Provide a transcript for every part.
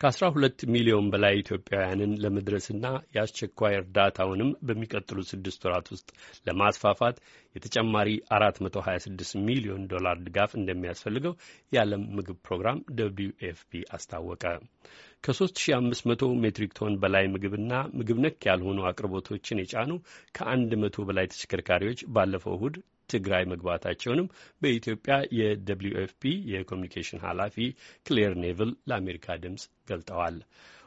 ከአስራ ሁለት ሚሊዮን በላይ ኢትዮጵያውያንን ለመድረስና የአስቸኳይ እርዳታውንም በሚቀጥሉ ስድስት ወራት ውስጥ ለማስፋፋት የተጨማሪ አራት መቶ ሀያ ስድስት ሚሊዮን ዶላር ድጋፍ እንደሚያስፈልገው የዓለም ምግብ ፕሮግራም ደብሊዩ ኤፍፒ አስታወቀ። ከሶስት ሺ አምስት መቶ ሜትሪክ ቶን በላይ ምግብና ምግብ ነክ ያልሆኑ አቅርቦቶችን የጫኑ ከአንድ መቶ በላይ ተሽከርካሪዎች ባለፈው እሁድ ትግራይ መግባታቸውንም በኢትዮጵያ የደብሊዩ ኤፍፒ የኮሚኒኬሽን ኃላፊ ክሌር ኔቭል ለአሜሪካ ድምፅ ገልጠዋል።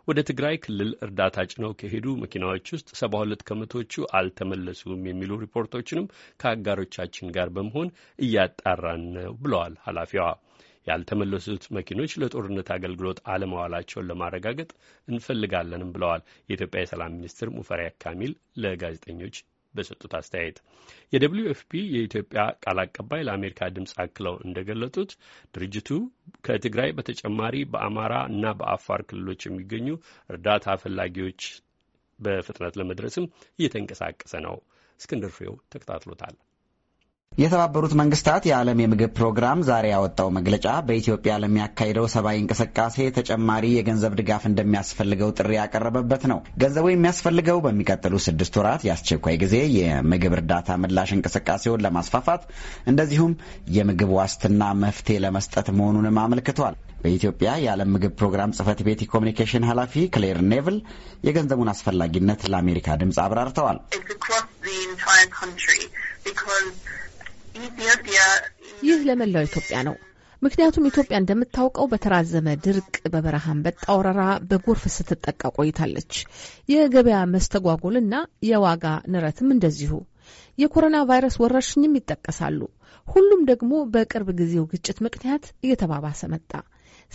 ወደ ትግራይ ክልል እርዳታ ጭነው ከሄዱ መኪናዎች ውስጥ ሰባ ሁለት ከመቶዎቹ አልተመለሱም የሚሉ ሪፖርቶችንም ከአጋሮቻችን ጋር በመሆን እያጣራን ነው ብለዋል ኃላፊዋ። ያልተመለሱት መኪኖች ለጦርነት አገልግሎት አለማዋላቸውን ለማረጋገጥ እንፈልጋለንም ብለዋል። የኢትዮጵያ የሰላም ሚኒስትር ሙፈሪያት ካሚል ለጋዜጠኞች በሰጡት አስተያየት የደብሊዩ ኤፍ የኢትዮጵያ ቃል አቀባይ ለአሜሪካ ድምፅ አክለው እንደገለጡት ድርጅቱ ከትግራይ በተጨማሪ በአማራ እና በአፋር ክልሎች የሚገኙ እርዳታ ፈላጊዎች በፍጥነት ለመድረስም እየተንቀሳቀሰ ነው። እስክንድር ፍሬው ተከታትሎታል። የተባበሩት መንግስታት የዓለም የምግብ ፕሮግራም ዛሬ ያወጣው መግለጫ በኢትዮጵያ ለሚያካሂደው ሰብአዊ እንቅስቃሴ ተጨማሪ የገንዘብ ድጋፍ እንደሚያስፈልገው ጥሪ ያቀረበበት ነው። ገንዘቡ የሚያስፈልገው በሚቀጥሉ ስድስት ወራት የአስቸኳይ ጊዜ የምግብ እርዳታ ምላሽ እንቅስቃሴውን ለማስፋፋት እንደዚሁም የምግብ ዋስትና መፍትሄ ለመስጠት መሆኑንም አመልክቷል። በኢትዮጵያ የዓለም ምግብ ፕሮግራም ጽህፈት ቤት የኮሚኒኬሽን ኃላፊ ክሌር ኔቭል የገንዘቡን አስፈላጊነት ለአሜሪካ ድምፅ አብራርተዋል። ይህ ለመላው ኢትዮጵያ ነው። ምክንያቱም ኢትዮጵያ እንደምታውቀው በተራዘመ ድርቅ፣ በበረሃ አንበጣ ወረራ፣ በጎርፍ ስትጠቃ ቆይታለች። የገበያ መስተጓጎልና የዋጋ ንረትም እንደዚሁ። የኮሮና ቫይረስ ወረርሽኝም ይጠቀሳሉ። ሁሉም ደግሞ በቅርብ ጊዜው ግጭት ምክንያት እየተባባሰ መጣ።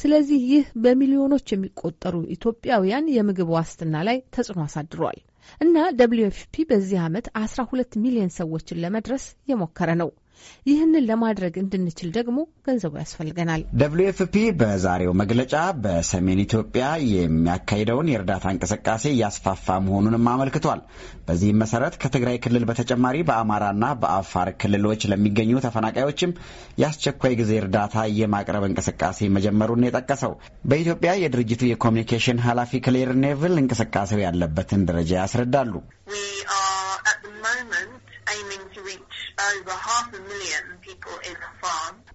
ስለዚህ ይህ በሚሊዮኖች የሚቆጠሩ ኢትዮጵያውያን የምግብ ዋስትና ላይ ተጽዕኖ አሳድሯል እና ደብሊዩ ኤፍፒ በዚህ ዓመት 12 ሚሊዮን ሰዎችን ለመድረስ የሞከረ ነው። ይህንን ለማድረግ እንድንችል ደግሞ ገንዘቡ ያስፈልገናል። ደብሊው ኤፍ ፒ በዛሬው መግለጫ በሰሜን ኢትዮጵያ የሚያካሂደውን የእርዳታ እንቅስቃሴ እያስፋፋ መሆኑንም አመልክቷል። በዚህም መሰረት ከትግራይ ክልል በተጨማሪ በአማራና በአፋር ክልሎች ለሚገኙ ተፈናቃዮችም የአስቸኳይ ጊዜ እርዳታ የማቅረብ እንቅስቃሴ መጀመሩን የጠቀሰው በኢትዮጵያ የድርጅቱ የኮሚኒኬሽን ኃላፊ ክሌር ኔቭል እንቅስቃሴው ያለበትን ደረጃ ያስረዳሉ።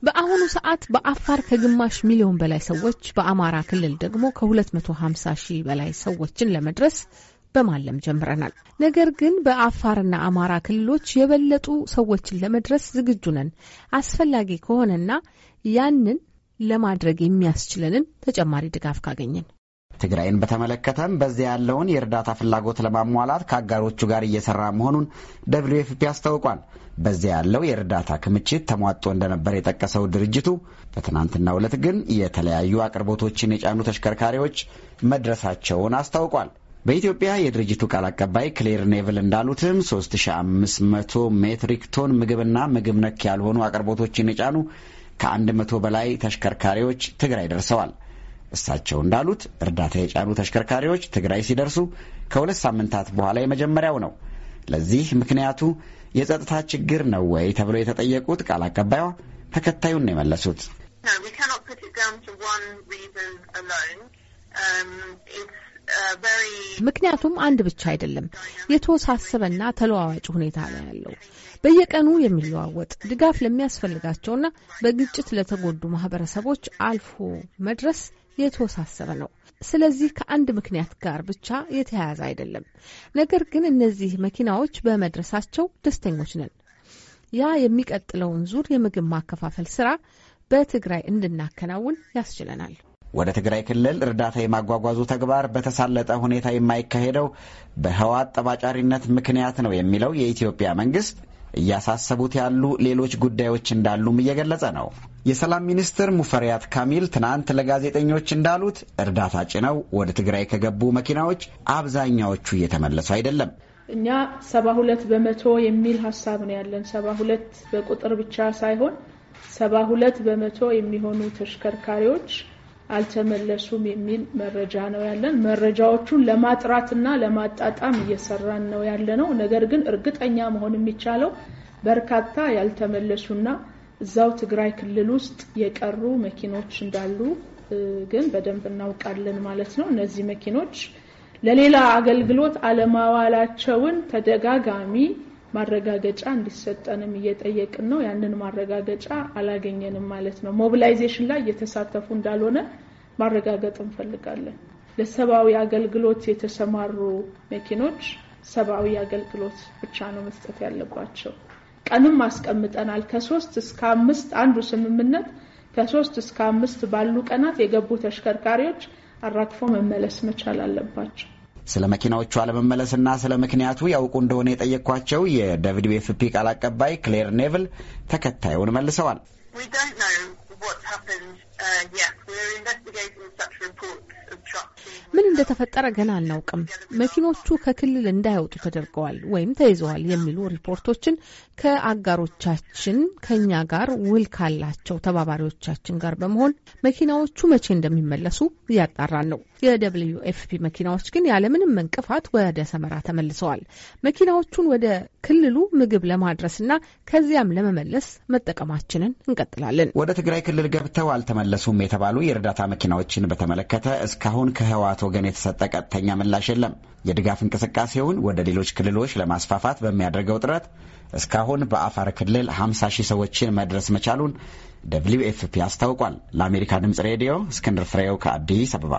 በአሁኑ ሰዓት በአፋር ከግማሽ ሚሊዮን በላይ ሰዎች በአማራ ክልል ደግሞ ከ250 ሺህ በላይ ሰዎችን ለመድረስ በማለም ጀምረናል። ነገር ግን በአፋርና አማራ ክልሎች የበለጡ ሰዎችን ለመድረስ ዝግጁ ነን። አስፈላጊ ከሆነና ያንን ለማድረግ የሚያስችለንን ተጨማሪ ድጋፍ ካገኘን ትግራይን በተመለከተም በዚያ ያለውን የእርዳታ ፍላጎት ለማሟላት ከአጋሮቹ ጋር እየሰራ መሆኑን ደብሊው ኤፍፒ አስታውቋል። በዚያ ያለው የእርዳታ ክምችት ተሟጦ እንደነበር የጠቀሰው ድርጅቱ በትናንትናው ዕለት ግን የተለያዩ አቅርቦቶችን የጫኑ ተሽከርካሪዎች መድረሳቸውን አስታውቋል። በኢትዮጵያ የድርጅቱ ቃል አቀባይ ክሌር ኔቭል እንዳሉትም 3500 ሜትሪክ ቶን ምግብና ምግብ ነክ ያልሆኑ አቅርቦቶችን የጫኑ ከ100 በላይ ተሽከርካሪዎች ትግራይ ደርሰዋል። እሳቸው እንዳሉት እርዳታ የጫኑ ተሽከርካሪዎች ትግራይ ሲደርሱ ከሁለት ሳምንታት በኋላ የመጀመሪያው ነው። ለዚህ ምክንያቱ የጸጥታ ችግር ነው ወይ ተብለው የተጠየቁት ቃል አቀባይዋ ተከታዩን ነው የመለሱት። um, uh, ምክንያቱም አንድ ብቻ አይደለም። የተወሳሰበና ተለዋዋጭ ሁኔታ ነው ያለው። በየቀኑ የሚለዋወጥ ድጋፍ ለሚያስፈልጋቸውና በግጭት ለተጎዱ ማህበረሰቦች አልፎ መድረስ የተወሳሰበ ነው። ስለዚህ ከአንድ ምክንያት ጋር ብቻ የተያያዘ አይደለም። ነገር ግን እነዚህ መኪናዎች በመድረሳቸው ደስተኞች ነን። ያ የሚቀጥለውን ዙር የምግብ ማከፋፈል ስራ በትግራይ እንድናከናውን ያስችለናል። ወደ ትግራይ ክልል እርዳታ የማጓጓዙ ተግባር በተሳለጠ ሁኔታ የማይካሄደው በህወሓት ጠባጫሪነት ምክንያት ነው የሚለው የኢትዮጵያ መንግስት እያሳሰቡት ያሉ ሌሎች ጉዳዮች እንዳሉም እየገለጸ ነው። የሰላም ሚኒስትር ሙፈሪያት ካሚል ትናንት ለጋዜጠኞች እንዳሉት እርዳታ ጭነው ወደ ትግራይ ከገቡ መኪናዎች አብዛኛዎቹ እየተመለሱ አይደለም። እኛ ሰባ ሁለት በመቶ የሚል ሀሳብ ነው ያለን። ሰባ ሁለት በቁጥር ብቻ ሳይሆን ሰባ ሁለት በመቶ የሚሆኑ ተሽከርካሪዎች አልተመለሱም የሚል መረጃ ነው ያለን። መረጃዎቹን ለማጥራትና ለማጣጣም እየሰራን ነው ያለ ነው። ነገር ግን እርግጠኛ መሆን የሚቻለው በርካታ ያልተመለሱና እዛው ትግራይ ክልል ውስጥ የቀሩ መኪኖች እንዳሉ ግን በደንብ እናውቃለን ማለት ነው። እነዚህ መኪኖች ለሌላ አገልግሎት አለማዋላቸውን ተደጋጋሚ ማረጋገጫ እንዲሰጠንም እየጠየቅን ነው። ያንን ማረጋገጫ አላገኘንም ማለት ነው። ሞቢላይዜሽን ላይ እየተሳተፉ እንዳልሆነ ማረጋገጥ እንፈልጋለን። ለሰብአዊ አገልግሎት የተሰማሩ መኪኖች ሰብአዊ አገልግሎት ብቻ ነው መስጠት ያለባቸው። ቀንም አስቀምጠናል። ከሶስት እስከ አምስት አንዱ ስምምነት ከሶስት እስከ አምስት ባሉ ቀናት የገቡ ተሽከርካሪዎች አራግፎ መመለስ መቻል አለባቸው። ስለ መኪናዎቹ አለመመለስና ስለ ምክንያቱ ያውቁ እንደሆነ የጠየቅኳቸው ቤፍፒ ቃል አቀባይ ክሌር ኔቭል ተከታዩን መልሰዋል። እንደተፈጠረ ገና አናውቅም። መኪኖቹ ከክልል እንዳይወጡ ተደርገዋል ወይም ተይዘዋል የሚሉ ሪፖርቶችን ከአጋሮቻችን ከኛ ጋር ውል ካላቸው ተባባሪዎቻችን ጋር በመሆን መኪናዎቹ መቼ እንደሚመለሱ እያጣራን ነው። የደብልዩ ኤፍፒ መኪናዎች ግን ያለምንም እንቅፋት ወደ ሰመራ ተመልሰዋል። መኪናዎቹን ወደ ክልሉ ምግብ ለማድረስና ከዚያም ለመመለስ መጠቀማችንን እንቀጥላለን። ወደ ትግራይ ክልል ገብተው አልተመለሱም የተባሉ የእርዳታ መኪናዎችን በተመለከተ እስካሁን ከህወሓት ወገን የተሰጠ ቀጥተኛ ምላሽ የለም። የድጋፍ እንቅስቃሴውን ወደ ሌሎች ክልሎች ለማስፋፋት በሚያደርገው ጥረት እስካሁን በአፋር ክልል 50 ሺህ ሰዎችን መድረስ መቻሉን ደብሊው ኤፍፒ አስታውቋል። ለአሜሪካ ድምፅ ሬዲዮ እስክንድር ፍሬው ከአዲስ አበባ